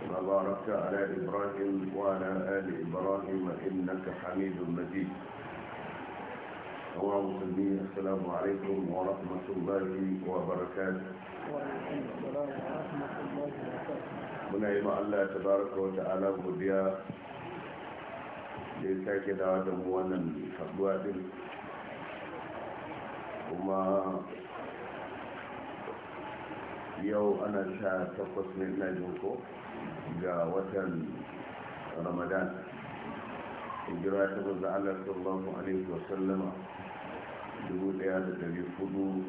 كما باركت على إبراهيم وعلى آل إبراهيم إنك حميد مجيد اللهم مسلمين السلام عليكم ورحمة الله وبركاته وعليكم السلام ورحمة الله وبركاته من أيما الله تبارك وتعالى وديا da ya sake dawa da mu wannan faduwa din kuma yau ana ga watan ramadan hijira ta wanzu allah sallallahu alaihi wasallama 1447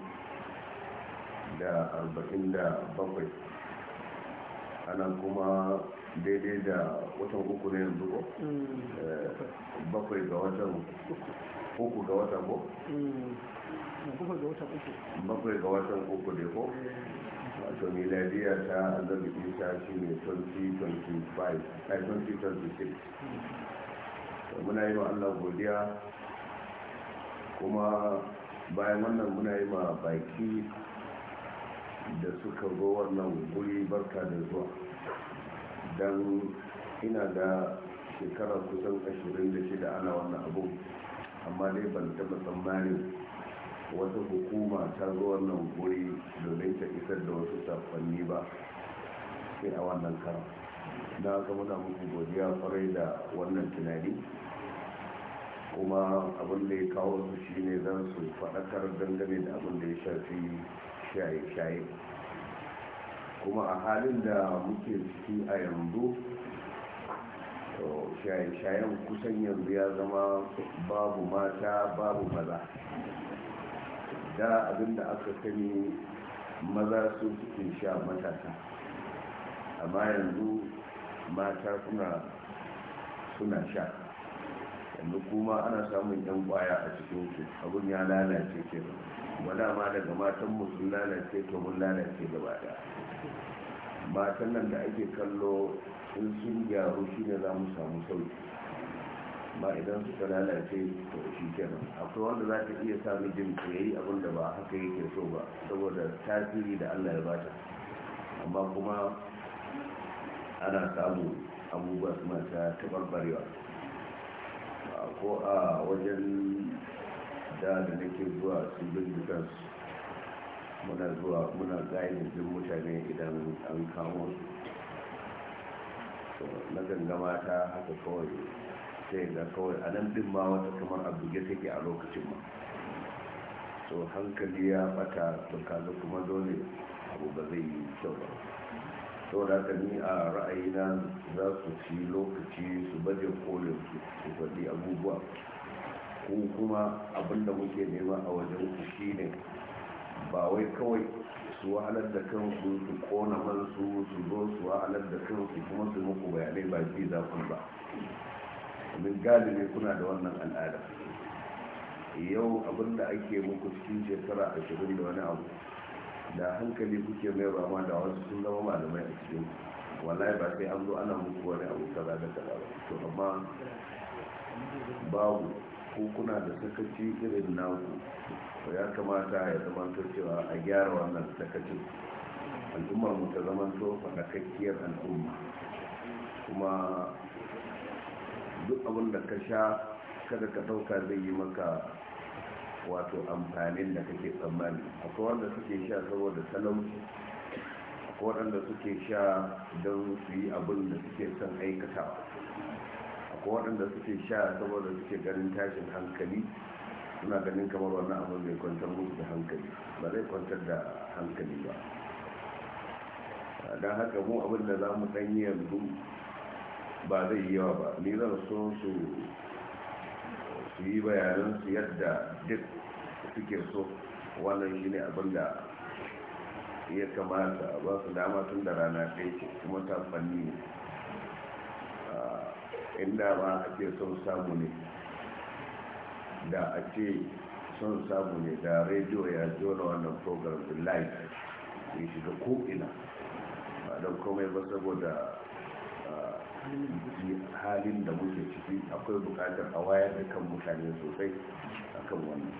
ana kuma daidai da watan uku na yanzu ko hmm. bakwai ga watan uku ga watan ko hmm. bakwai ga watan uku ne ko hmm. wato miladiya ta annabi isa shi ne 2025 muna yi ma allah godiya kuma bayan wannan muna yi ma baki da suka zo wannan guri barka da zuwa don ina da shekarar kusan 26 ana wannan abu amma dai ban taba tsammanin wata hukuma ta zo wannan guri domin ta isar da wasu safanni ba sai a wannan karan na ga muna muku godiya kwarai da wannan tunani kuma abin da ya kawo su shi ne zan su faɗakar dangane da abin da ya shafi shaye-shaye kuma a halin da muke ciki a yanzu shaye-shayen kusan yanzu ya zama babu mata babu maza da abin da aka sani maza su cikin sha matasa amma yanzu mata suna suna sha yanzu kuma ana samun yan kwaya a cikin su abin ya lalace ke wala ma daga matan mu sun lalace to mun lalace gabata. da matan nan da ake kallo in sun gyaru ne za mu samu sauki ba idan suka lalace to shi kenan akwai wanda za ta iya sa jin ya yi abin da ba haka yake so ba saboda tasiri da allah ya bata amma kuma ana samu abubuwa su mata tabarbarewa ko a wajen da da nake zuwa su bindikan muna zuwa muna gayin duk mutane idan an kamo su na gangama ta haka kawai sai ga kawai a nan din ma wata kamar a buge take a lokacin ma so hankali ya bata to kaga kuma dole abu ba zai yi kyau ba so da ka ni a ra'ayina za su ci lokaci su baje kolin su su faɗi abubuwa ko kuma abinda muke nema a wajen ku shine ba wai kawai su wahalar da kansu su kona mansu su zo su wahalar da kansu kuma su muku bayanai ba ji za ku ba min galibi kuna da wannan al'ada yau abinda ake muku cikin shekara ashirin da wani abu da hankali kuke mai rama da wasu sun zama malamai a cikin wallahi ba sai an zo ana muku wani abu kaza da kaza ba to amma babu ko kuna da sakaci irin naku to ya kamata ya zama cewa a gyara wannan sakacin al'ummar mu ta zama to fadakakkiyar al'umma kuma duk abin da ka sha kada ka dauka zai yi maka wato amfanin da kake tsammani akwai wanda suke sha saboda talauci akwai wanda suke sha don su yi abin da suke son aikata akwai wanda suke sha saboda suke ganin tashin hankali suna ganin kamar wannan abin mai kwantar musu da hankali ba zai kwantar da hankali ba don haka mu abin da za mu ɗanyi yanzu ba zai yi yawa ba ni zan so su su yi bayanan su yadda duk suke so wannan shine abin da ya kamata ba su dama tun da rana kai ce kuma ta fanni ne inda ba ce son samu ne da a ce son samu ne da rediyo ya jona wannan program live ya shiga ko'ina ba don komai ba saboda halin da muke ciki akwai bukatar a wayar da kan mutane sosai akan wannan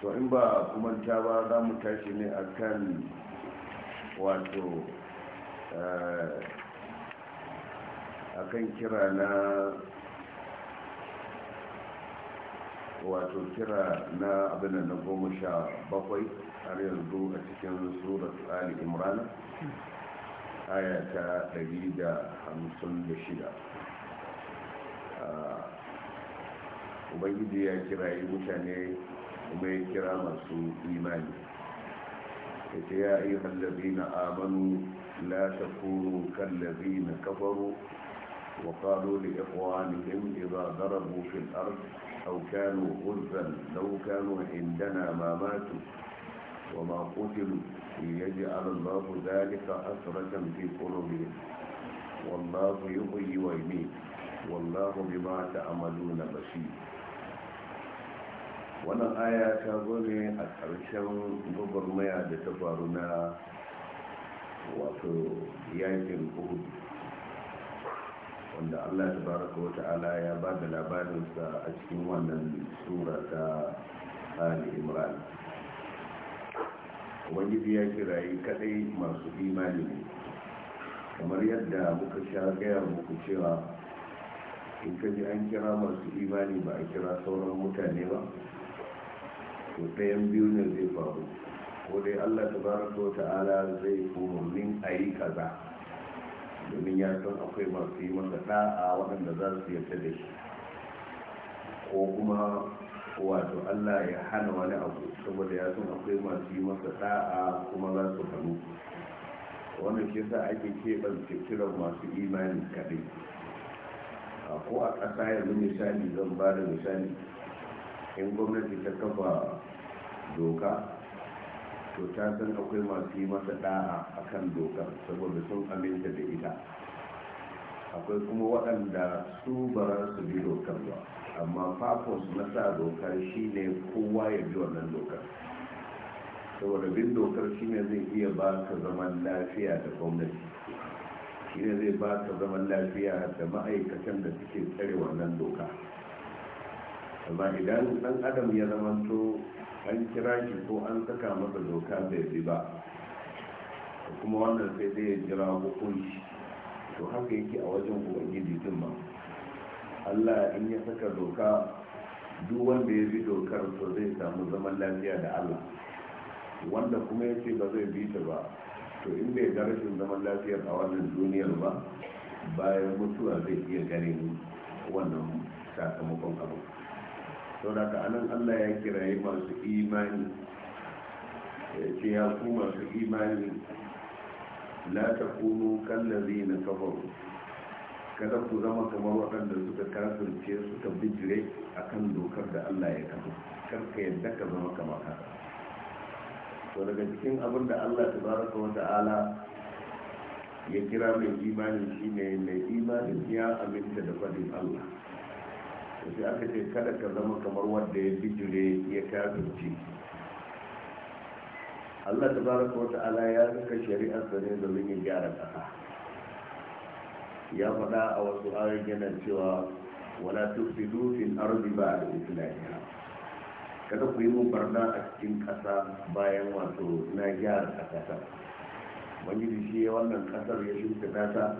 to in ba kumanta ba za mu tashi ne akan wato eh, kan kira na wato kira na abinan na goma sha bakwai har yanzu a cikin surat ali imrana aya ta 156 ubangiji ya kira yi mutane kuma ya kira masu imani ya ce ya yi hallabi na amanu la ta kuru kallabi na kafaru wa لإخوانهم إذا ضربوا في الأرض أو كانوا غزا لو كانوا عندنا ما وما قتلوا ليجعل الله ذلك حسرة في قلوبهم والله يحيي ويميت والله بما تعملون بشير wannan aya ta zo ne a ƙarshen gwagwarmaya da ta faru na wato yankin uhud wanda allah ta baraka Wata'ala ta'ala ya ba da labarinsa a cikin wannan sura ta ali imran ubangiji ya kirayi kadai masu imani ne kamar yadda muka sha gaya muku cewa in ka ji an kira masu imani ba a kira sauran mutane ba to ɗayan biyu ne zai faru ko dai allah Ta wa ta'ala zai umarnin a yi kaza domin ya san akwai masu yi masa da'a waɗanda za su yarda da shi ko kuma wato allah ya hana wani abu saboda ya san akwai masu yi masa da'a kuma za su hannu wannan shi sa ake keɓance kiran masu imani kaɗai ko a ƙasa yanzu misali zan ba da misali in gwamnati ta kafa doka to ta san akwai masu yi masa da'a a kan dokar saboda sun aminta da ita akwai kuma waɗanda su ba su bi dokar ba amma fafos na sa dokar shi ne kowa ya bi wannan dokar saboda bin dokar shi ne zai iya ba ka zaman lafiya da gwamnati shi ne zai ba ka zaman lafiya da ma'aikatan da suke tsare wannan doka amma idan ɗan adam ya zamanto an kira shi ko an saka masa doka bai bi ba kuma wannan sai zai jira hukunci to haka yake a wajen ubangiji din ma allah in ya saka doka duk wanda ya bi dokar to zai samu zaman lafiya da allah wanda kuma ya ce ba zai bi ta ba to in bai ga rashin zaman lafiyar a wannan duniyar ba bayan mutuwa zai iya ganin wannan sakamakon abu sau da ka anan allah ya kiraye masu imani ya ce ya ku masu imani la ta kunu kallazi na kafaru kada ku zama kamar waɗanda suka kasance suka bijire a kan dokar da allah ya kafa karka yadda ka zama kamar haka to daga cikin abin da allah ta baraka wata ala ya kira mai imani shine mai imanin ya aminta da fadin allah to sai aka ce kada ka zama kamar wanda ya bijire ya kasance allah ta baraka wata ala ya saka shari'ar sa ne domin ya gyara ƙasa ya faɗa a wasu ayoyin yana cewa wala tufsidu fil ardi ba'da islahiha kada ku yi mun barna a cikin ƙasa bayan wato na gyara ƙasa wani shi wannan ƙasar ya shimfiɗa ta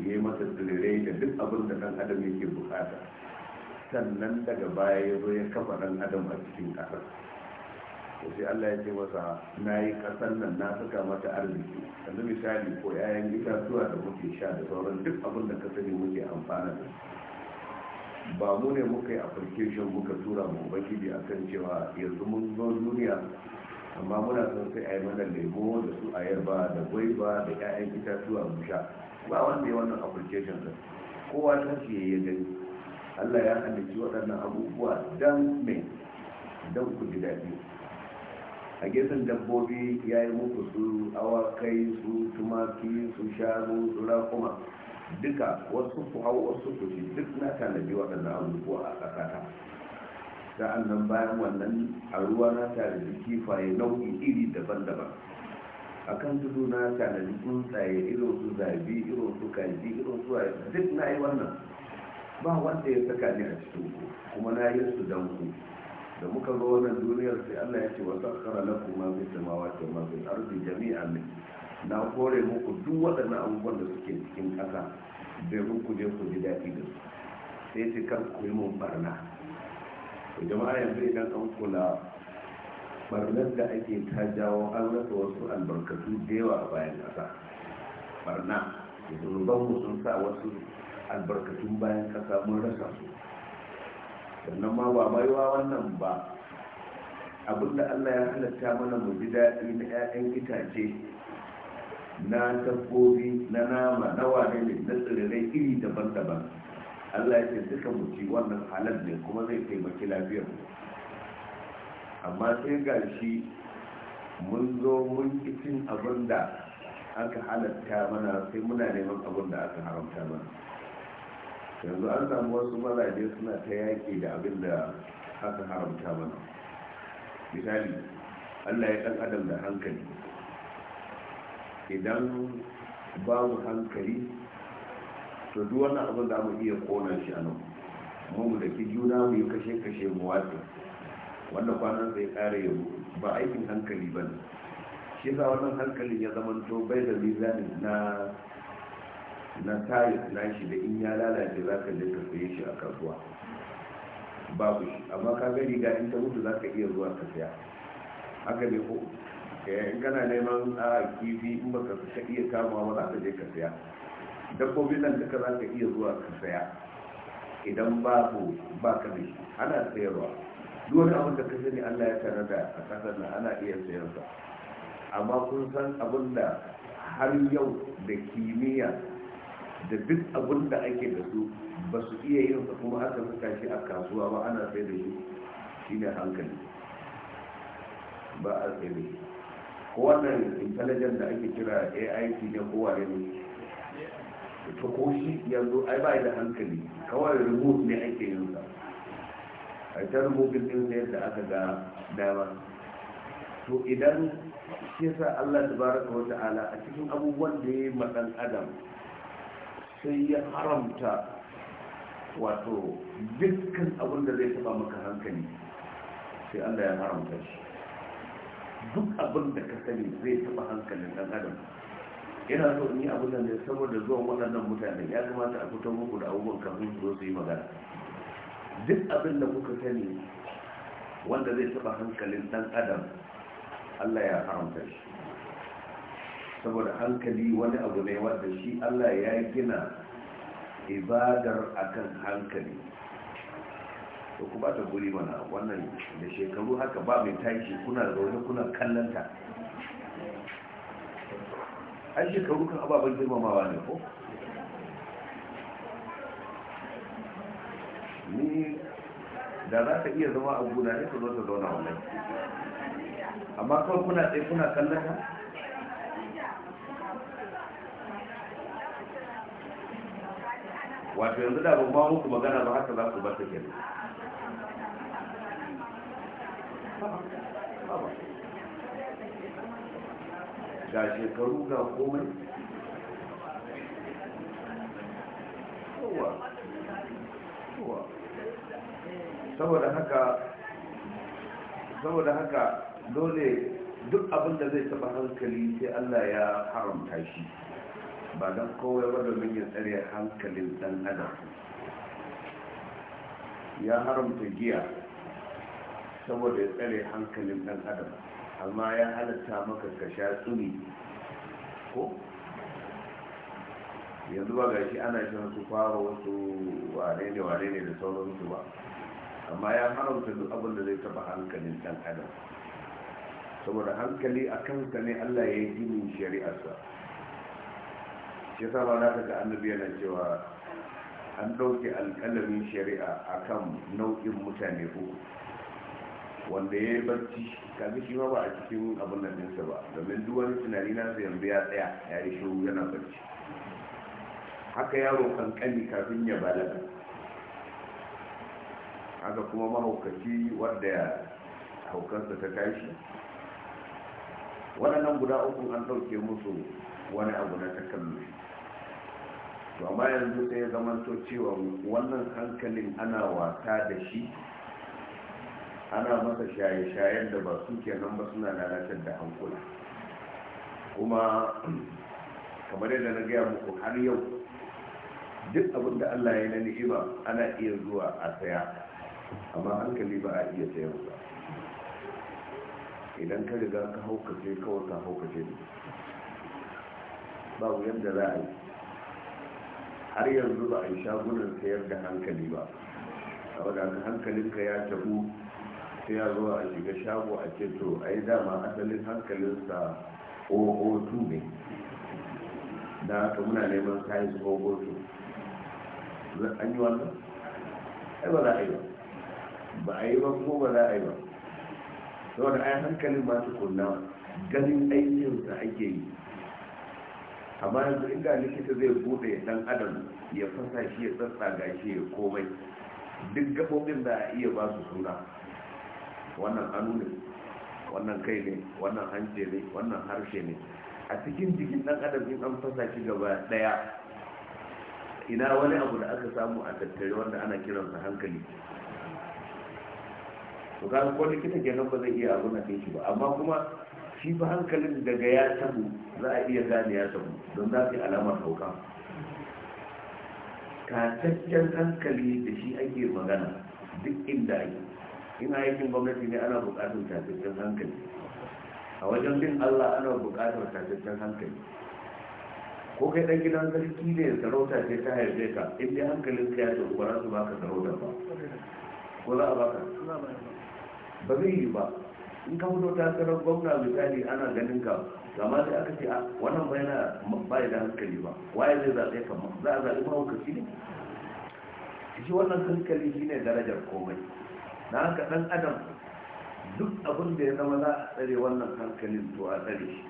ya yi mata tsirrai da duk abin da ɗan adam yake bukata sannan daga baya ya zo ya kafa ɗan adam a cikin ƙasar sai Allah ya ce masa na yi kasar nan na saka mata arziki yanzu misali ko yayan itatuwa da muke sha da sauran duk abin da ka sani muke amfana da ba mu ne muka yi application muka tura mu bakidi a kan cewa yanzu mun zo duniya amma muna son sai a yi mana lemo da su ayarba da gwaiba da 'ya'yan itatuwa mu sha ba wanda ya wannan application din kowa ta ce ya gani Allah ya halicci waɗannan abubuwa dan mai dan ku ji daɗi a gefen dabbobi ya yi muku su awakai su tumaki su shanu su rakuma duka wasu ku hau wasu ku shi duk na tanadi waɗannan abubuwa a ƙasata sa'an nan bayan wannan a ruwa na tanadi kifaye nau'i iri daban-daban a kan tudu na tanadi tsuntsaye irin su zabi irin su kaji irin su duk na yi wannan ba wanda ya saka ni a cikin ku kuma na yi su don ku da muka zo wannan duniyar sai Allah ya ce wa sakhara lakum ma fi samawati wa ma fi ardi jami'an na kore muku duk waɗannan abubuwan da suke cikin ƙasa bai muku je ku ji daɗi da su sai ce kan ku yi mun barna to jama'a yanzu idan an kula barnar da ake ta jawo an rasa wasu albarkatu da yawa a bayan ƙasa barna zunubanmu sun sa wasu albarkatun bayan ƙasa mun rasa su sannan ma ba baiwa wannan ba abinda allah ya halatta mana mu ji daɗi na 'ya'yan itace na dabbobi na nama na wane ne na tsirrai iri daban-daban allah ya ce duka mu ci wannan halal ne kuma zai taimaki lafiyar mu amma sai ga shi mun zo mun cin abin da aka halatta mana sai muna neman abin da aka haramta mana yanzu an samu wasu mazaje suna ta yaƙi da abin da aka haramta mana misali allah ya ɗan adam da hankali idan babu hankali to duk wannan abin da mu iya kona shi a nan mu da juna mu yi kashe-kashe mu wata. wanda kwanan sai ƙara yabo ba aikin hankali ba ne shi sa wannan hankalin ya zamanto bai da na na tayis na shi da in ya lalace za ka je ka saye shi a kasuwa babu shi amma ka ga in ta mutu za ka iya zuwa ka saya haka ne ko eh, in kana neman a kifi in baka ka iya kama ba za ka je ka saya dabbobin nan duka za ka iya zuwa ka saya idan ba ku ba ka da shi ana sayarwa duk wani abin da ka sani Allah ya da a kasar nan ana iya sayarwa amma kun san abin da har yau da kimiyya da duk abin da ake da su ba su iya yin su kuma aka fuska shi a kasuwa ba ana sai da shi shi ne hankali ba a sai da shi ko wannan intelligent da ake kira ait ne kowa ne ta ko shi yanzu ai ba da hankali kawai remote ne ake yin sa a ta remote din ne da aka ga dama to idan shi yasa Allah tabaraka wa ta'ala a cikin abubuwan da ya yi adam sai ya haramta wato dukkan abin da zai taba maka hankali sai Allah ya haramta shi duk abin da ka sani zai taba hankalin dan adam yana so in yi abin da saboda zuwan waɗannan mutane ya kamata a fito muku da abubuwan kafin su zo su yi magana duk abin da kuka sani wanda zai taba hankalin dan adam Allah ya haramta shi saboda hankali wani abu ne wanda shi allah ya gina ibadar akan hankali to ku ba ta guri mana wannan da shekaru haka ba mai tashi kuna zaune kuna kallanta an shekaru kan ababen girmamawa ne ko ni da za ka iya zama a guna ne ka zo ta zauna wannan amma kawai kuna tsaye kuna kallon wato yanzu da ban ba muku magana ba haka za ku ba ta kenan ga shekaru ga komai saboda haka saboda haka dole duk abin da zai taba hankali sai allah ya haramta shi ba don kowai ba domin ya tsare hankalin dan adam ya haramta giya saboda ya tsare hankalin dan adam amma ya halatta maka ka sha tsuni ko yanzu ba ga shi ana shi wasu fara wasu wane ne wane ne da sauransu ba amma ya haramta duk abin da zai taba hankalin dan adam saboda hankali a kanka ne allah ya yi ginin shari'arsa shi sama za ka ga annabi yana cewa an ɗauke alƙalamin shari'a akan nau'in mutane uku wanda ya yi barci kafin shi ma ba a cikin abin da ninsa ba domin duwani tunani na sa yanzu ya tsaya ya yi shiru yana barci haka yaro kankani kafin ya balaga haka kuma mahaukaci wadda haukansa ta tashi waɗannan guda uku an ɗauke musu wani abu na takalmi to amma yanzu sai ya zamanto cewa wannan hankalin ana wata da shi ana masa shaye-shayen da ba su kenan ba suna lalatar da hankula kuma kamar yadda na gaya muku har yau duk abin da allah ya na ni'ima ana iya zuwa a saya amma hankali ba a iya sayan ba idan ka riga ka haukace kawai ka haukace ne babu yadda za a yi har yanzu ba a yi shagunan sayar da hankali ba a wadanda hankalinka ya tabu sai ya zo a shiga shago a ce to a yi dama asalin hankalinsa oo2 ne da aka muna neman kayan su oo2 an yi wannan ai ba za a yi ba ba a yi ba ko ba za a yi ba saboda ai hankalin masu kunna, ganin aikinsa ake yi amma yanzu inda likita zai bude dan adam ya fasa shi ya ga shi ya komai duk gabobin da a iya ba su suna wannan hannu ne wannan kai ne wannan hance ne wannan harshe ne a cikin jikin dan adam in an fasa shi gaba daya ina wani abu da aka samu a tattare wanda ana kiransa hankali to kaga ko likita kenan ba zai iya abun da shi ba amma kuma shi ba hankalin daga ya tabu za a iya gane ya tabu don za su yi alamar hauka tataccen hankali da shi ake magana duk inda yi, in aikin gwamnati ne ana bukatar tataccen hankali a wajen bin allah ana bukatar tataccen hankali ko kai dan gidan sarki ne sarauta ce ta haife ka in dai hankalin ka ya tsoro ba za su baka sarauta ba ko za a baka ba zai yi ba in ka fito takarar gwamna misali ana ganin ka gama sai aka ce ah, wannan bai na bai da hankali ba waye zai zaɓe ka za a zaɓi shi ne shi wannan hankali shine darajar komai na haka ɗan adam duk abin da ya zama za a tsare wannan hankalin to a tsare shi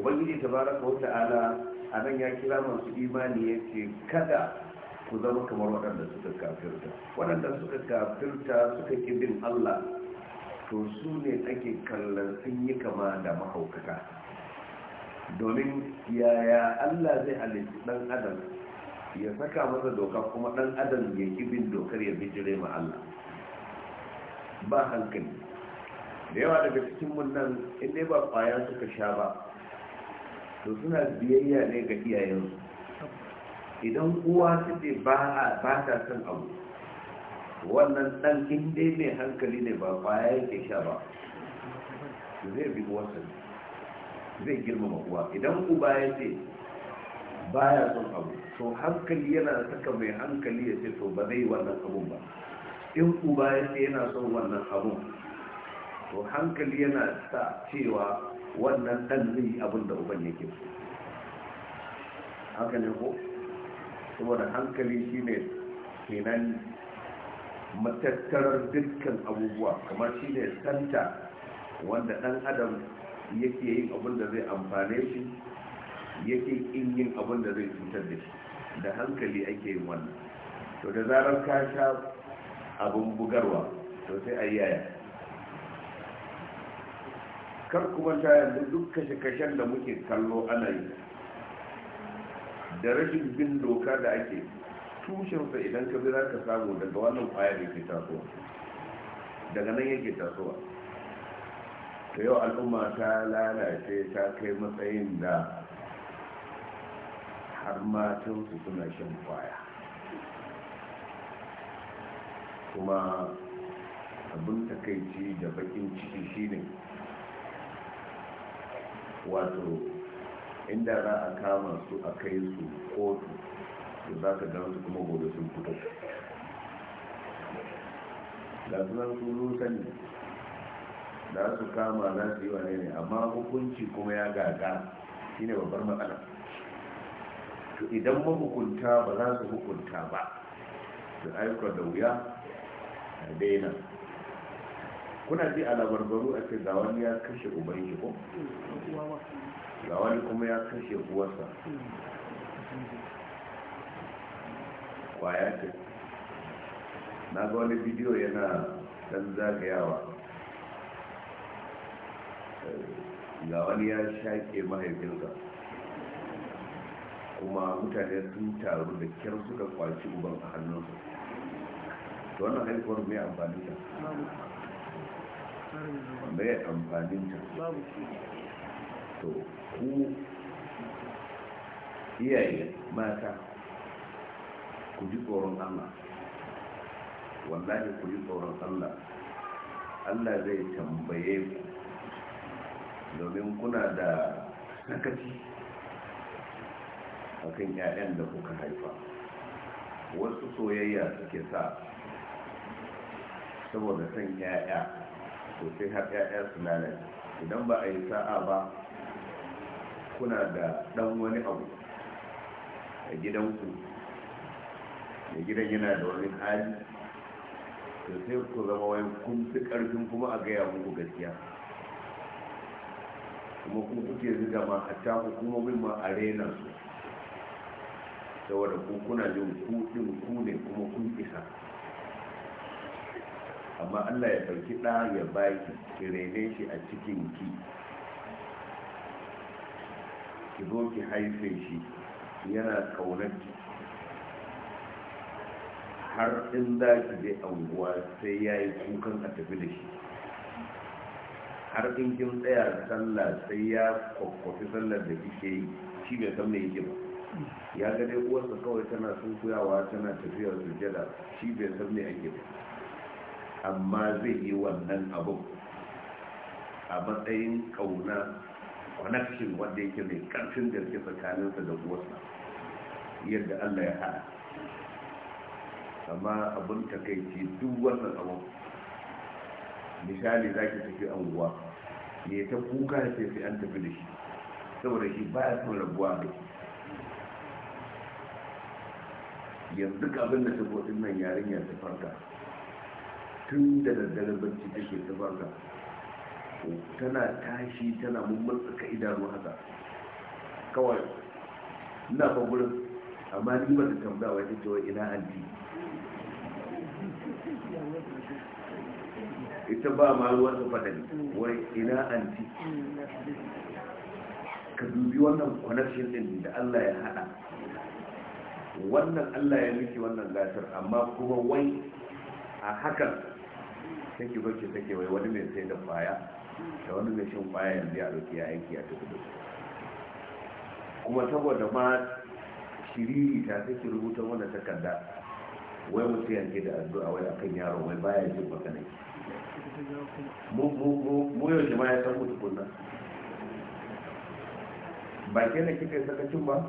ubangiji tabaraka wa ta'ala a nan ya kira masu imani ya ce kada ku zama kamar waɗanda suka kafirta waɗanda suka kafirta suka ƙi bin allah to su ne ake kallon sun yi kama da mahaukata domin yaya allah zai halittu dan adam ya saka masa doka kuma dan adam ya bin dokar ya bijire ma allah ba hankali da yawa daga cikin nan inda ba kwaya suka sha ba to suna biyayya ne ga iyayensu idan uwa su ce ba ta son abu wannan dan in dai mai hankali ne ba kwaya yake sha ba zai bi uwarsa zai girmama kuwa. idan uba ya ce baya son abu to hankali yana saka mai hankali ya ce to ba zai wannan abun ba in uba ya ce yana son wannan abun to hankali yana sa cewa wannan dan zai yi abin da uban yake so haka ne ko saboda hankali shine kenan matattarar dukkan abubuwa kamar shi ne santa wanda ɗan adam yake yin abin da zai amfane shi yake in yin abin da zai cutar da shi da hankali ake yin wannan to da zarar ka sha abin bugarwa to sai a yaya kar kuma ta yanzu duk kashe-kashen da muke kallo ana yi da rashin bin doka da ake yi tushensa idan ka bi ka samu daga wannan kwayar yake tasowa daga nan yake tasowa ta yau al'umma ta lalace ta kai matsayin da har matansu suna shan kwaya kuma abin takaici da bakin ciki shine wato inda za a kama su a kai su kotu to za ka su kuma gobe sun fito da sunan sun sani za su kama za su yi wa ne amma hukunci kuma ya gaga shi ne babbar matsala to idan mahukunta ba za su hukunta ba su aiko da wuya a daina kuna ji a labarbaru a ce ga wani ya kashe ubangi ko ga wani kuma ya kashe uwarsa kwaya ce na ga wani bidiyo yana dan zagayawa ga wani ya shaƙe mahaifinsa kuma mutane sun taru da kyar suka kwaci uban a hannunsa to wannan haifuwar mai amfani ta mai amfani ta to ku iyaye mata ku tsoron Allah wallahi ku ji tsoron Allah Allah zai tambaye ku domin kuna da sakaci a kan 'ya'yan da kuka haifa wasu soyayya suke sa saboda ƴaƴa 'ya'ya sosai har 'ya'ya su lalace idan ba a yi sa'a ba kuna da ɗan wani abu a gidanku mai gidan yana da wani hali to sai ku zama wani kun fi karfin kuma a gaya muku gaskiya kuma kun kuke zuga ma hatta hukumomin ma a rena su saboda ku kuna jin ku ku ne kuma kun isa amma Allah ya ɗauki ɗa ya baki ki rene shi a cikin ki ki zo ki haife shi yana kaunar har in za ki je anguwa sai ya yi kukan a tafi da shi har in kin tsaya sallah sai ya kwakwafi sallar da kike yi shi bai san me yake ba ya ga dai uwarsa kawai tana sunkuyawa tana tafiyar jada shi bai san me ake ba amma zai yi wannan abu a matsayin kauna connection wanda yake mai karfin ke tsakaninsa da uwarsa yadda Allah ya hada amma abin takaici duk wannan abin misali za ki tafi anguwa ne ta kuka sai sai an tafi da shi saboda shi ba ya son rabuwa da shi yanzu duk abin da ta bodin nan yarinya ta farka tun da daddare barci take ta farka tana tashi tana mummutsaka idanu haka kawai ina ba gurin amma ni ba ta tambaya wai ta ce ina anti ita ba ma ruwan su fadari wai ina anti ka dubi wannan connection din da Allah ya hada wannan Allah ya miki wannan gasar amma kuma wai a hakan take barke take wai wani mai sai da kwaya da wani mai shan kwaya yanzu ya roki ya aiki a tafi kuma saboda ma shiriri ta take rubuta wannan takarda wai mutum yanke da addu'a wai akan yaro wai baya jin magana mu yau jama'a ya san mutu kunna ba ke ne kika yi sakacin ba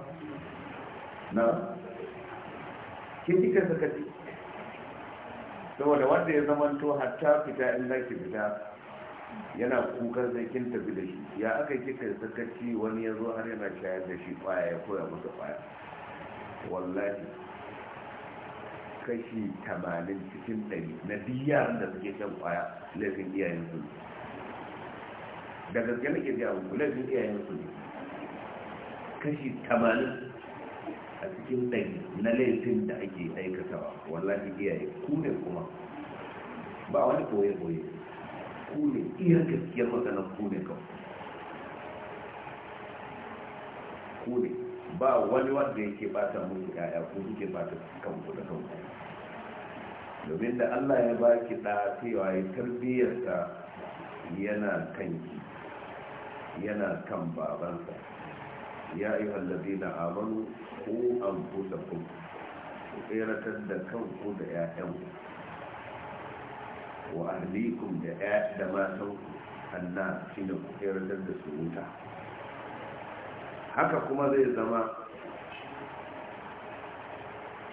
na ke kika yi sakaci saboda wanda ya zama to hatta fita in zaki fita yana kukan sai kin tafi da shi ya aka kika yi sakaci wani ya zo har yana shayar da shi kwaya ya koya masa kwaya wallahi kashi tamanin cikin ɗari na duk da suke shan kwaya laifin iyayen su da gaske nake ga ku laifin iyayen su ne kashi tamanin a cikin ɗari na laifin da ake aikatawa da iyaye ku ne kuma ba wani koye-koye ku ne iya gaskiyar maganar ku ne kawai ku ne ba wani wanda yake bata muku yaya ko kuke bata kanku da kanku domin da Allah ya baki da cewa ya tarbiyyarsa yana yana kan babansa ya yi hallabi na amanu ko an kusa ku ku tseratar da kanku da 'ya'yanku wa ahlikum da matan anna ne ku tseratar da su wuta haka kuma zai zama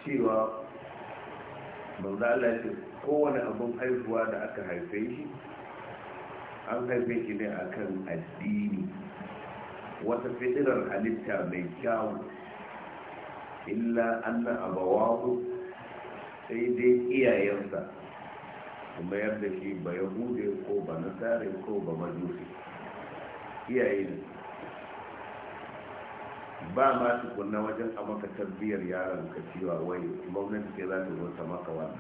cewa manzo Allah ce kowane abin haihuwa da aka haife shi an haife shi ne akan addini wata fitirar halitta mai kyawu illa anna ku, sai dai iyayensa kuma yadda shi ba yahude ko ba nasare ko ba majusi iyayen ba ma tukunna wajen a maka tarbiyyar yaron ka cewa wai gwamnati ke za ta zo ta maka wannan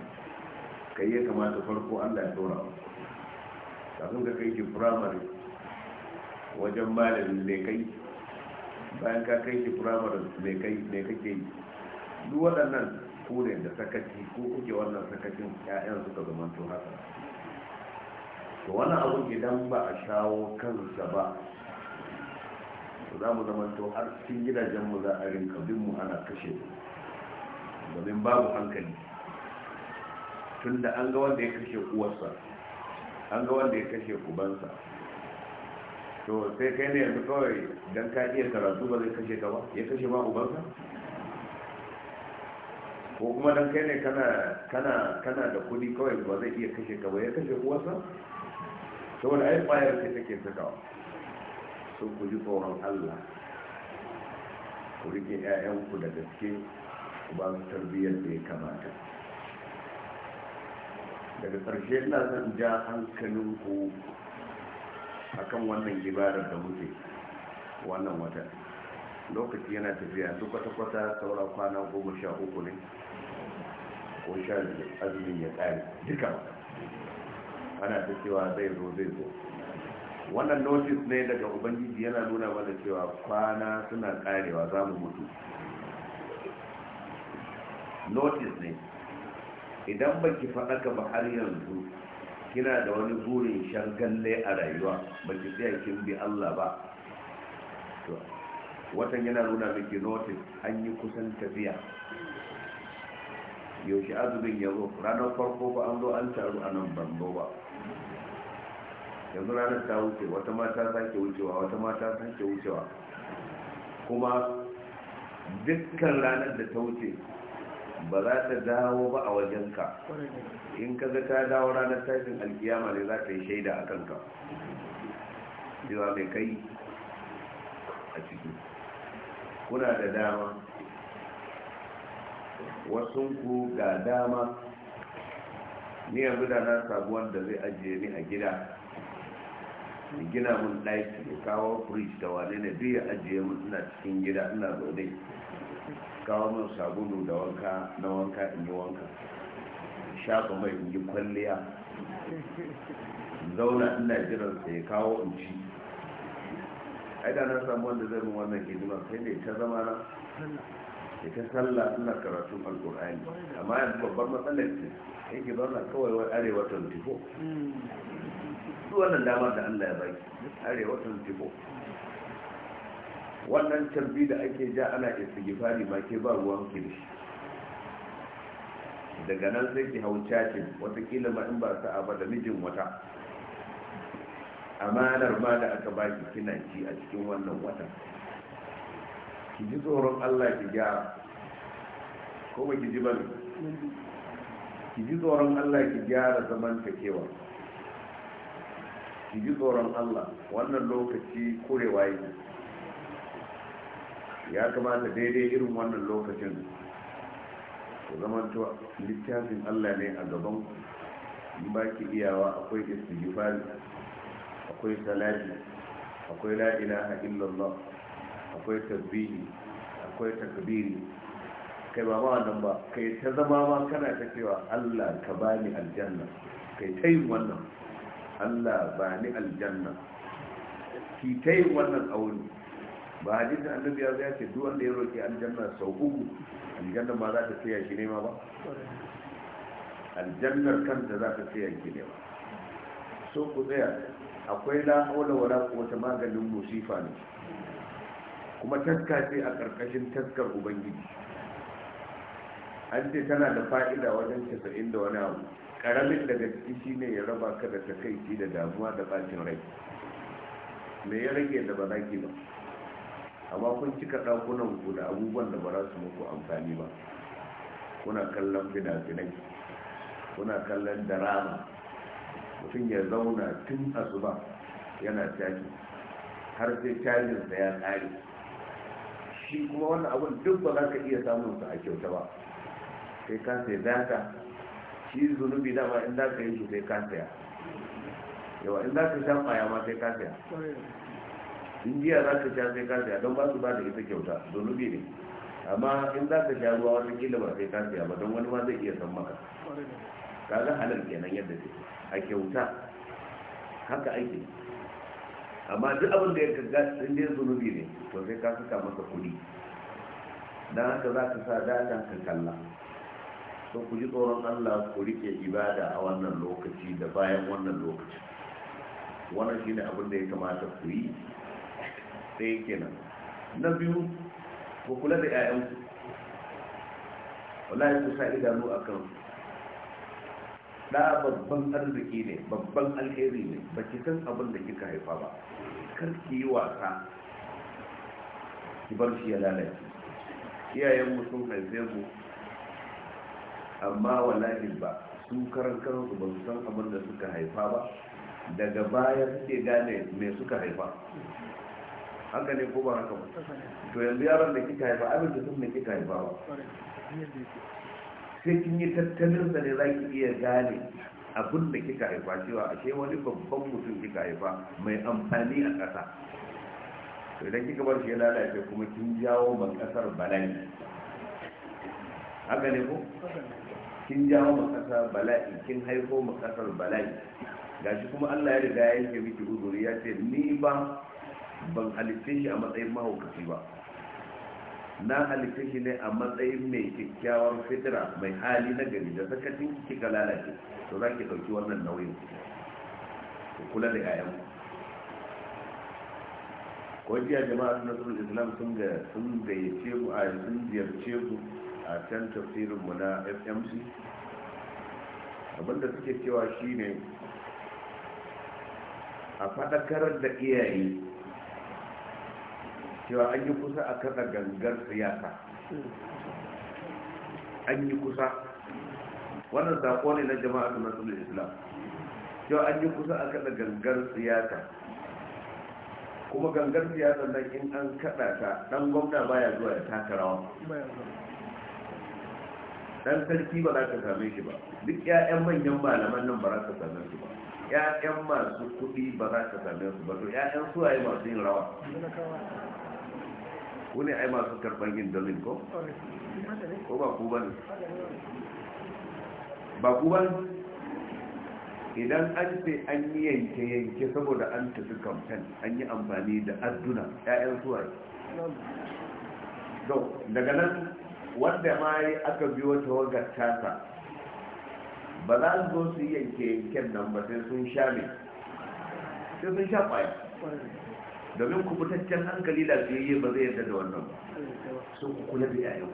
kai ya kamata farko allah ya dora kafin ka kai ki firamare wajen malamin ne kai bayan ka kai ki firamare ne kai ne kake yi duk waɗannan ku ne da sakaci ko kuke wannan sakacin 'ya'yan suka zamanto haka to wani abu idan ba a shawo kansa ba to za mu zama to har cikin gidajen mu za a rinka bin mu ana kashe domin babu hankali tunda an ga wanda ya kashe uwarsa an ga wanda ya kashe ubansa to sai kai ne yanzu kawai don ka iya karatu ba zai kashe ka ba ya kashe ba ubansa ko kuma don kai ne kana da kudi kawai ba zai iya kashe ka ba ya kashe uwarsa saboda ai kwayar sai take sakawa sun ku ji tsoron allah ku rike 'ya'yanku da gaske ku ba su tarbiyyar da ya kamata daga ƙarshe na zan ja hankalinku kan wannan ibarar da muke wannan wata lokaci yana tafiya duk kwata-kwata saura kwana goma sha uku ne ko sha azumin ya tsari duka ana ta cewa zai zo zai zo wannan notice ne daga ubangiji yana nuna mana cewa kwana suna karewa za mu mutu notice ne idan baki faɗaka ba har yanzu kina da wani burin shagalle a rayuwa ki tsaya kin bi Allah ba to watan yana nuna miki notice an yi kusan tafiya yaushe azumin ya zo ranar farko ba an zo an taru a nan ba yanzu ranar ta wuce wata mata sake wucewa wata mata sake wucewa kuma dukkan ranar da ta wuce ba za ta dawo ba a wajenka in ka ga ta dawo ranar tashin alkiyama ne za ta yi shaida a kanka zuwa mai kai a ciki kuna da dama wasunku ga dama ni yanzu da na sabuwar da zai ajiye ni a gida ya gina mun ɗaki ya kawo fridge da wane ne duk ya ajiye mun ina cikin gida ina zaune kawo mun sabulu da wanka na wanka in yi wanka shafa mai in yi kwalliya zauna ina jiran sa ya kawo in ci ai da na samu wanda zai mun wannan hidima sai ne ta zama na ita sallah ina karatun alkur'ani amma yanzu babbar matsalar ce yake zauna kawai wani arewa 24 su wannan damar da Allah ya baki tare watan tibo wannan tarbi da ake ja ana istighfari ba ke ba ruwan kirshi daga nan sai ki hau cakin watakila ma in ba sa'a ba da mijin wata amanar ma da aka baki kina ci a cikin wannan watan ki ji tsoron Allah ki gyara ko ba ki ji ba ki ji tsoron Allah ki gyara zaman kewa ki ji tsoron allah wannan lokaci kurewa yi ya kamata daidai irin wannan lokacin ku zamanto littafin allah ne a gaban in ba ki iyawa akwai istighfar akwai salati akwai La'ila a illallah akwai tasbihi akwai takbiri kai ba ma wannan ba kai ta zama ma kana ta cewa allah ka bani aljanna kai ta yin wannan Allah ba ni aljanna ki ta yi wannan auni ba hadisin annabi ya zai ce duk wanda ya roƙi aljanna sau uku aljanna ba za ta tsaya shi ma ba aljannar kanta za ta tsaya shi nema so ku tsaya akwai la aula wala quwwata maganin musifa ne kuma taska ce a ƙarƙashin taskar ubangiji an ce tana da fa'ida wajen 90 da wani abu karamin daga ciki ne ya raba ka da takaici da damuwa da bakin rai me ya rage da ba za ba amma kun cika ɗakunan ku da abubuwan da ba za su muku amfani ba kuna kallon fina-finai kuna kallon darama mutum ya zauna tun asuba yana caji har sai cajinsa ya ƙare shi kuma wannan abin duk ba za ka iya samun sa a kyauta ba sai ka sai data shi zunubi dama in za ka yi su sai ka yawa in za ka sha maya ma sai ka saya in za ka sha sai ka don ba su ba da ita kyauta zunubi ne amma in za ka sha ruwa wata kila ba sai ka ba don wani ma zai iya san maka kaga halal kenan yadda ce a kyauta haka aiki amma duk abin da ya kaga in dai zunubi ne to sai ka saka masa kuɗi dan haka za ka sa datan ka kalla to ku ji tsoron Allah ku rike ibada a wannan lokaci da bayan wannan lokaci wannan shine abin da ya kamata ku yi sai kenan na biyu ku kula da 'ya'yanku wallahi ku sa idanu a da babban arziki ne babban alheri ne ba ki san abin da kika haifa ba kar ki yi wasa ki bar shi ya lalace iyayen mu sun haife mu amma walakin ba su karan karan ba su san abin da suka haifa ba daga baya suke gane me suka haifa haka ne ko ba haka ba to yanzu yaron da kika haifa abin da sun da kika haifa ba sai kin yi tattalin sa ne zaki iya gane abin da kika haifa cewa ashe wani babban mutum kika haifa mai amfani a ƙasa to idan kika bar shi ya lalace kuma kin jawo ban ƙasar bala'i haka ne ko kin jawo makasa bala'i kin haifo makasar bala'i ga gashi kuma Allah ya riga ya yanke miki uzuri ya ce ni ba ban halitta shi a matsayin mahaukaci ba na halitta shi ne a matsayin mai kyakkyawar fitira mai hali na gari da sakacin kika lalace to za ki ɗauki wannan nauyin ku kula da 'ya'yanku ko jiya jama'a na islam sun gayyace mu a sun ziyarce mu a can tafsirinmu na fmc abinda suke cewa shi ne a faɗakar da iyaye cewa an yi kusa a kada gangar siyasa an yi kusa wannan zaƙo ne na jama'a na sunan islam cewa an yi kusa a kada gangar siyasa kuma gangar siyasa nan in an kada ta dan gwamna baya zuwa ya taka rawa dan sarki ba za ka same shi ba duk ƴaƴan manyan malaman nan ba za ka same shi ba ƴaƴan masu kuɗi ba za ka same su ba to ƴaƴan su ayi masu yin rawa ku ne ai masu karɓar yin dalil ko ko ba ku bane ba ku bane idan an ce an yi yanke yanke saboda an tafi kamfen an yi amfani da adduna ƴaƴan su ayi daga nan wanda ma aka biyo wagar tasa ba za su zo su yanke yanken nan ba sai sun sha ne sai sun sha kwaye domin kubutaccen hankali yi ba zai yarda da wannan ba ku kula da yau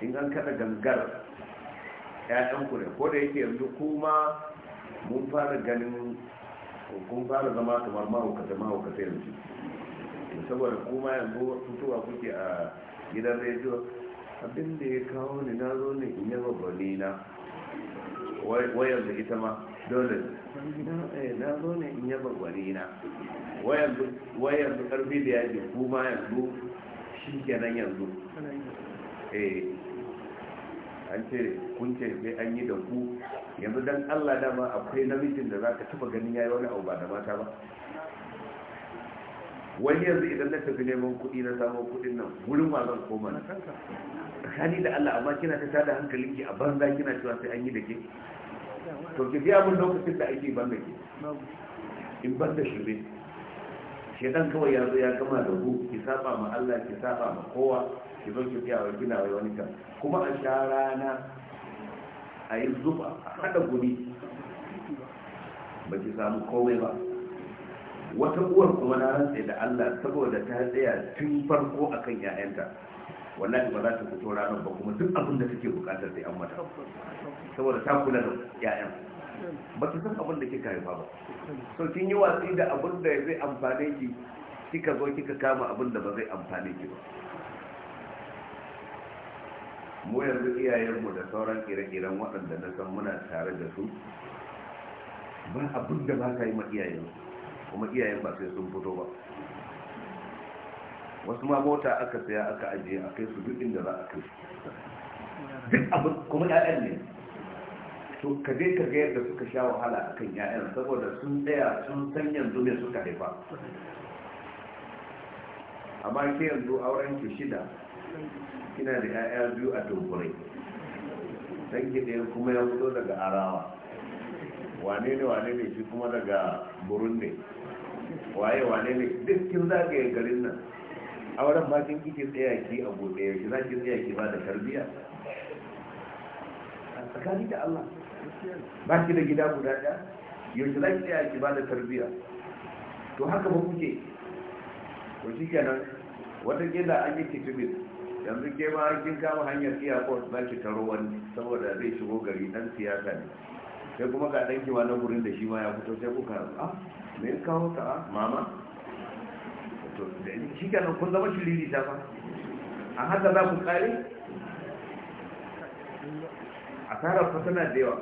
in an kada gangar yayan ku ne ko da yake yanzu kuma mun fara ganin kun fara zama kamar mahaukata mahaukata yanzu saboda kuma yanzu fitowa kuke a gidan rediyo abin da ya kawo ni na zo ne in yaba bani na wayar da ita ma dole na eh, zo ne in yaba bani na wayar da karfi da ya ji kuma yanzu shi kenan yanzu eh an ce kun ce sai an yi da ku yanzu don allah dama akwai namijin da za ka taba ganin ya yi wani abu ba da mata ba wani yanzu idan na tafi neman kuɗi na samun kuɗin nan wurin ma zan koma na kanka tsakani da Allah amma kina ta tada hankalin ki a banza kina cewa sai an yi da ke to ki biya mun lokacin da ake ban da ke in ban da ne? shedan kawai ya zo ya gama da ku ki saba ma Allah ki saba ma kowa ki zo ki biya wa kina wai wani kan kuma a sha rana a yi zuba a haɗa guri ba ki samu komai ba wata uwar kuma na rantsa da Allah saboda ta tsaya tun farko akan ƴaƴanta wallahi ba za ta fito ranar ba kuma duk abin da take bukatar da an mata saboda ta kula da ƴaƴan ba ta san abin da kika haifa ba so kin yi watsi da abin da zai amfane ki kika zo kika kama abin da ba zai amfane ki ba mu yanzu iyayenmu da sauran ire-iren waɗanda na san muna tare da su ba abin da ba ka yi ma iyayensu kuma iyayen ba sai sun fito ba wasu ma mota aka saya aka ajiye a kai su duk inda za a kai duk abin kuma ya'yan ne to ka je ka ga yadda suka sha wahala a kan ya'yan saboda sun tsaya sun san yanzu ne suka haifa amma ke yanzu auren ki shida kina da ya'ya biyu a dunkurai dan ki kuma ya fito daga arawa wane ne wane ne shi kuma daga burundi waye wane ne duk kin yi garin nan auren ma kin kike tsaya ki a gobe ya za ki tsaya ki ba da tarbiyya a tsakani da Allah ba ki da gida guda ɗaya yaushe za ki tsaya ki ba da tarbiyya to haka ba kuke to shi kenan gida an yi kitibin yanzu ke ma kin kama hanyar iyakon za ki taro wani saboda zai shigo gari dan siyasa ne sai kuma ga ɗanki ma na gurin da shi ma ya fito sai kuka a me kawo ta mama to da shi ganin kun zama shiriri ta ba a haka za ku kare a tara fasana da yawa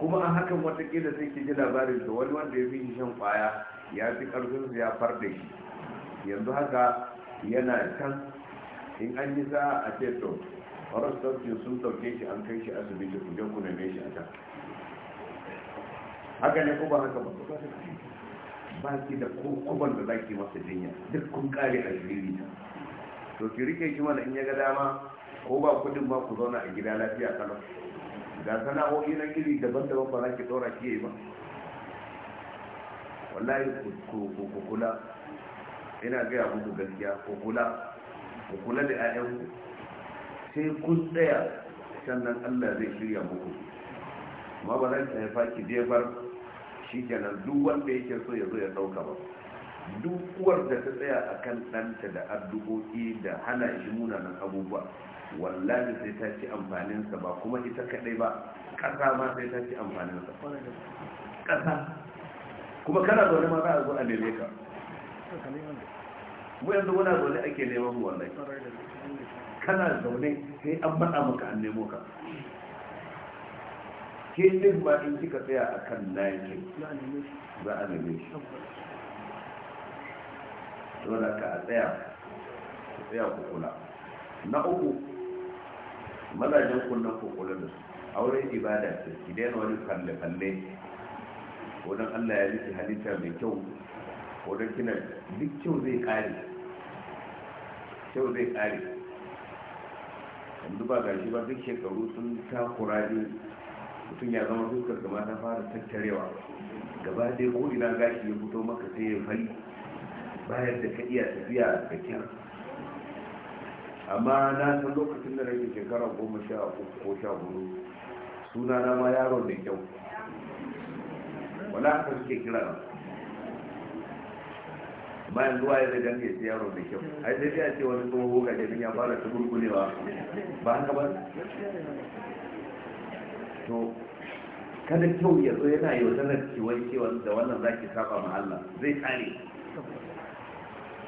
kuma a hakan watakila sai ke ji labarin da wani wanda ya fi shan kwaya ya fi karfinsu ya farda shi yanzu haka yana can in an yi za a ce to rastar sun sauke shi an kai shi asibiti ku je ku shi a can haka ne ko ba haka ba ba ki da kuban da zaki masa jinya duk kun kare a jiri to ki rike shi mana in ya ga dama ko ba kudin ba ku zauna a gida lafiya kana ga sana'o'i na iri daban-daban ba za ki ki yi ba wallahi ku kula ina gaya muku gaskiya ku kula ku kula da 'ya'yanku sai kun tsaya sannan allah zai shirya muku ma ba za ki haifa ki bar kenan duk wanda yake so ya zo ya dauka ba duk uwar da ta tsaya a kan ɗanta da addu'o'i da hana shi munanan abubuwa wallahi sai ta ci amfaninsa ba kuma ita kaɗai ba ƙasa ma sai ta ci amfaninsa ƙasa kuma kana zaune ma za a zo a neme ka mu yanzu muna zaune ake neman mu wallahi kana zaune sai an matsa maka an nemo ka ke ba in kika tsaya a kan layin za a nemi shi dole ka a tsaya a tsaya kukula kula na uku mazajen kunnen kukula kula da su aure ibada ce ki daina wani falle-falle ko allah ya nufi halitta mai kyau ko kina duk kyau zai kare kyau zai kare yanzu ba gashi ba duk shekaru sun takura ne mutum ya zama dukkan gama ta fara tattarewa gaba dai ko ina gashi ya fito maka sai ya fari bayan da ka iya tafiya da kyar amma na san lokacin da nake shekara goma sha uku ko sha hudu suna na ma yaro mai kyau wala haka suke kira na amma yanzu waye da dange sai yaro mai kyau ai sai ya ce wani kuma hoga da ya fara ta gurgulewa ba haka ba to kada kyau ya zo yana yaudarar kiwon kiwon da wannan za ki saba ma Allah zai tsare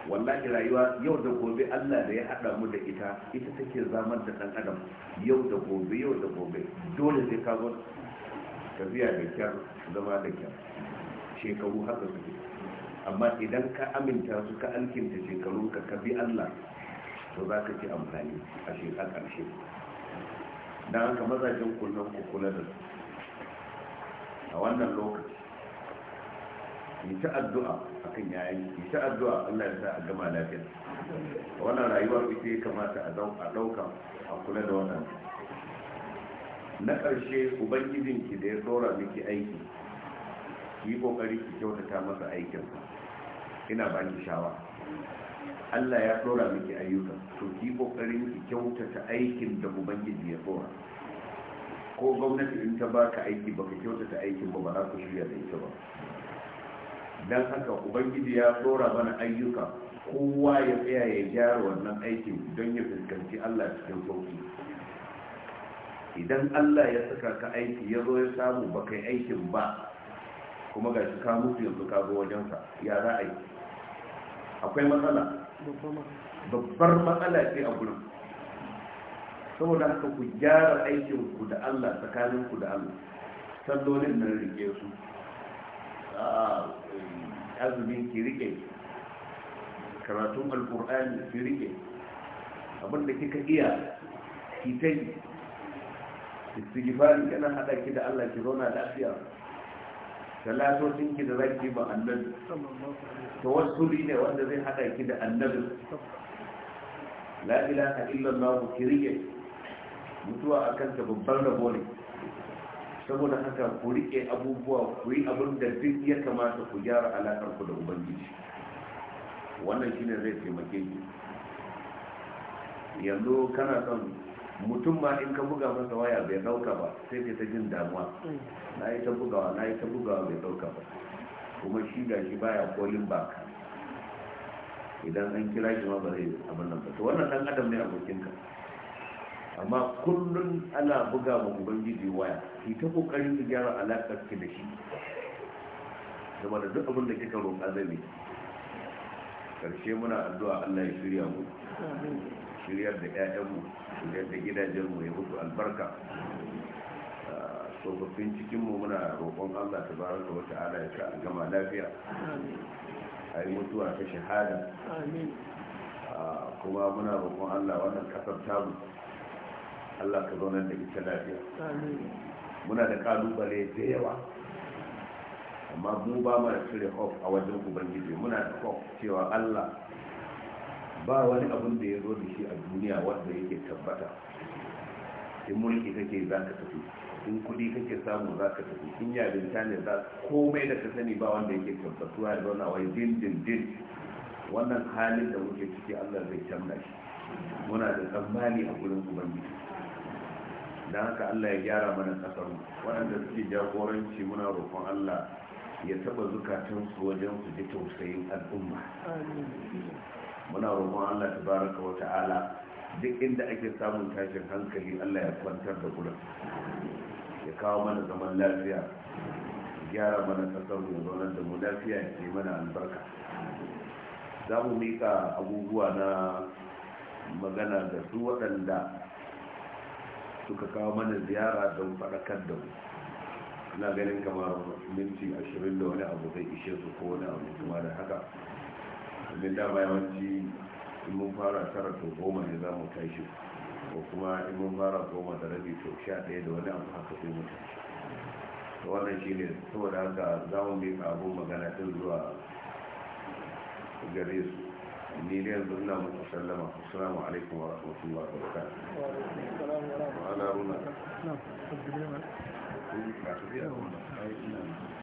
wallahi rayuwa yau da gobe Allah da ya haɗa mu da ita ita take zamar da dan adam yau da gobe yau da gobe dole kawo ka biya da kyar zama da kyar shekaru haka su amma idan ka aminta su ka alkinta shekaru ka ka bi Allah to za ka ci amfani a shekar ƙarshe dan haka mazajen kullum ku kula da su a wannan lokaci yi ta addu'a a kan yayin yi ta addu'a allah ya sa a gama lafiya a wannan rayuwar ita ya kamata a ɗauka a kula da wannan na ƙarshe ubangijinki da ya tsora miki aiki ki yi ƙoƙari ki kyautata masa aikinsa ina ba ki shawa, Allah ya tsora miki ayyuka to ki ƙoƙari ki kyautata aikin da ubangiji ya tsora ko gwamnati in ta baka aiki baka kyautata aikin ba ba za ku shirya da ita ba dan haka ubangiji ya tsora mana ayyuka kowa ya tsaya ya gyara wannan aikin don ya fuskanci allah cikin sauki idan allah ya saka ka aiki ya zo ya samu ba kai aikin ba kuma ga shi ka mutu yanzu ka zo wajensa ya za a yi akwai matsala babbar matsala ce a gurin saboda haka ku gyara aikin ku da Allah tsakanin ku da Allah sallolin nan rike su azumin ki rike karatun alkur'ani ki rike abinda kika iya ki ta yi istighfari na hada ki da Allah ki zauna lafiya salatocin ki da zaki ba annabi tawassuli ne wanda zai hada ki da annabi la ilaha illallah ki rike mutuwa a kanta babban rabo ne saboda haka ku riƙe abubuwa ku yi abin da duk ya kamata ku gyara alaƙar ku da ubangiji wannan shine zai taimake ki yanzu kana son mutum ma in ka buga masa waya bai dauka ba sai ka ta jin damuwa mm. na yi ta bugawa na yi ta bugawa bai dauka ba kuma shi ga shi baya kolin baka idan an kira shi ma ba zai abin nan ba to wannan dan adam ne abokinka amma kullum ana buga ma ubangiji waya ki ta kokarin ki gyara alakar ki da shi da duk abin da kika roƙa zai karshe muna addu'a Allah ya shirya mu shiryar da mu shiryar da gidajenmu ya mutu albarka tsofaffin cikinmu muna roƙon allah ta baraka wata ala ya sa gama lafiya Ayi yi mutuwa ta shahada kuma muna roƙon allah wannan ƙasar tabu Allah ka zaunar da ita lafiya muna da kalubale da yawa amma mu ba mu da cire hof a wajen ubangiji muna da hof cewa Allah ba wani abin da ya zo da shi a duniya wanda yake tabbata in mulki kake za ka tafi in kudi kake samu za ka tafi in yabinta ne za komai da ka sani ba wanda yake tabbatuwa ya zauna wai din din din wannan halin da muke ciki Allah zai canza shi muna da tsammani a gurin ubangiji da haka Allah ya gyara mana kasar waɗanda suke jagoranci muna roƙon Allah ya taɓa su wajen su ji tausayin al'umma muna roƙon Allah ta baraka wa ta'ala duk inda ake samun tashin hankali Allah ya kwantar da kula ya kawo mana zaman lafiya gyara mana kasar mu zaunar da mu lafiya ya ke mana albarka za mu mika abubuwa na magana da su waɗanda suka kawo mana ziyara don faɗakar da mu ina ganin kamar minti ashirin da wani abu zai ishe su ko wani abu kuma da haka domin dama yawanci in mun fara tara to goma ne za mu tashi ko kuma in mun fara goma da rabi to sha ɗaya da wani abu haka sai mu tashi to wannan shi ne saboda haka za mu miƙa abun magana ɗin zuwa gare su ni ne yanzu ina muku sallama assalamu